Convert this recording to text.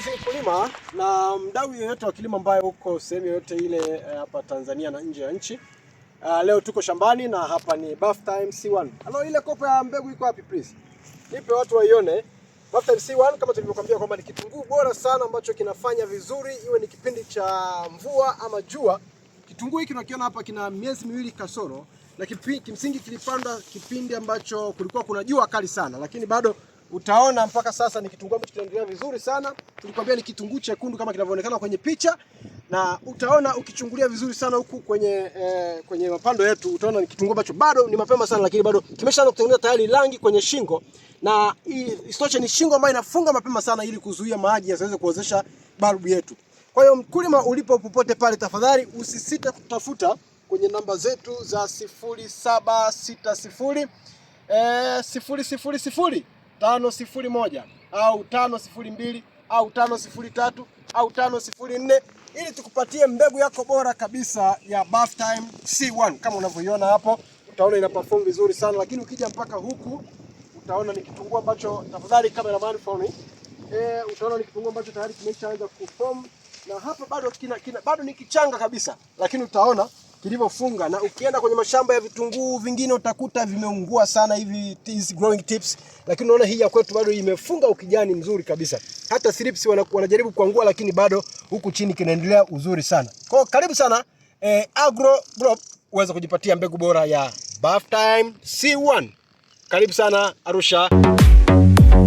mpenzi mkulima na mdau yoyote wa kilimo ambaye uko sehemu yoyote ile eh, hapa Tanzania na nje ya nchi. Uh, leo tuko shambani na hapa ni Bufftime C1. Halo, ile kopo ya mbegu iko wapi please? Nipe watu waione. Bufftime C1 kama tulivyokuambia kwamba ni kitunguu bora sana ambacho kinafanya vizuri iwe ni kipindi cha mvua ama jua. Kitunguu hiki tunakiona hapa kina miezi miwili kasoro na kimsingi kilipandwa kipindi ambacho kulikuwa kuna jua kali sana, lakini bado Utaona mpaka sasa ni kitunguu ambacho kinaendelea vizuri sana. Tulikwambia ni kitunguu chekundu kama kinavyoonekana kwenye picha, na utaona ukichungulia vizuri sana huku kwenye eh, kwenye mapando yetu utaona ni kitunguu ambacho bado ni mapema sana, lakini bado kimeshaanza kutengeneza tayari rangi kwenye shingo, na isitoshe ni shingo ambayo inafunga mapema sana ili kuzuia maji yasiweze kuozesha balbu yetu. Kwa hiyo mkulima, ulipo popote pale, tafadhali usisite kutafuta kwenye namba zetu za sifuri saba sita sifuri eh, sifuri sifuri sifuri tano sifuri moja au tano sifuri mbili au tano sifuri tatu au tano oh sifuri nne ili tukupatie mbegu yako bora kabisa ya Bathtime C1. Kama unavyoiona hapo, utaona ina perform vizuri sana, lakini ukija mpaka huku utaona ni kitunguu ambacho, tafadhali cameraman phone, eh, utaona ni kitunguu ambacho tayari kimeshaanza kuform na hapa bado kina, kina, bado ni kichanga kabisa, lakini utaona kilivyofunga, na ukienda kwenye mashamba ya vitunguu vingine utakuta vimeungua sana hivi these growing tips, lakini unaona hii ya kwetu bado imefunga ukijani mzuri kabisa. Hata slips wanajaribu kuangua, lakini bado huku chini kinaendelea uzuri sana. Kwa karibu sana eh, Group uweze kujipatia mbegu bora ya Time C1. Karibu sana Arusha.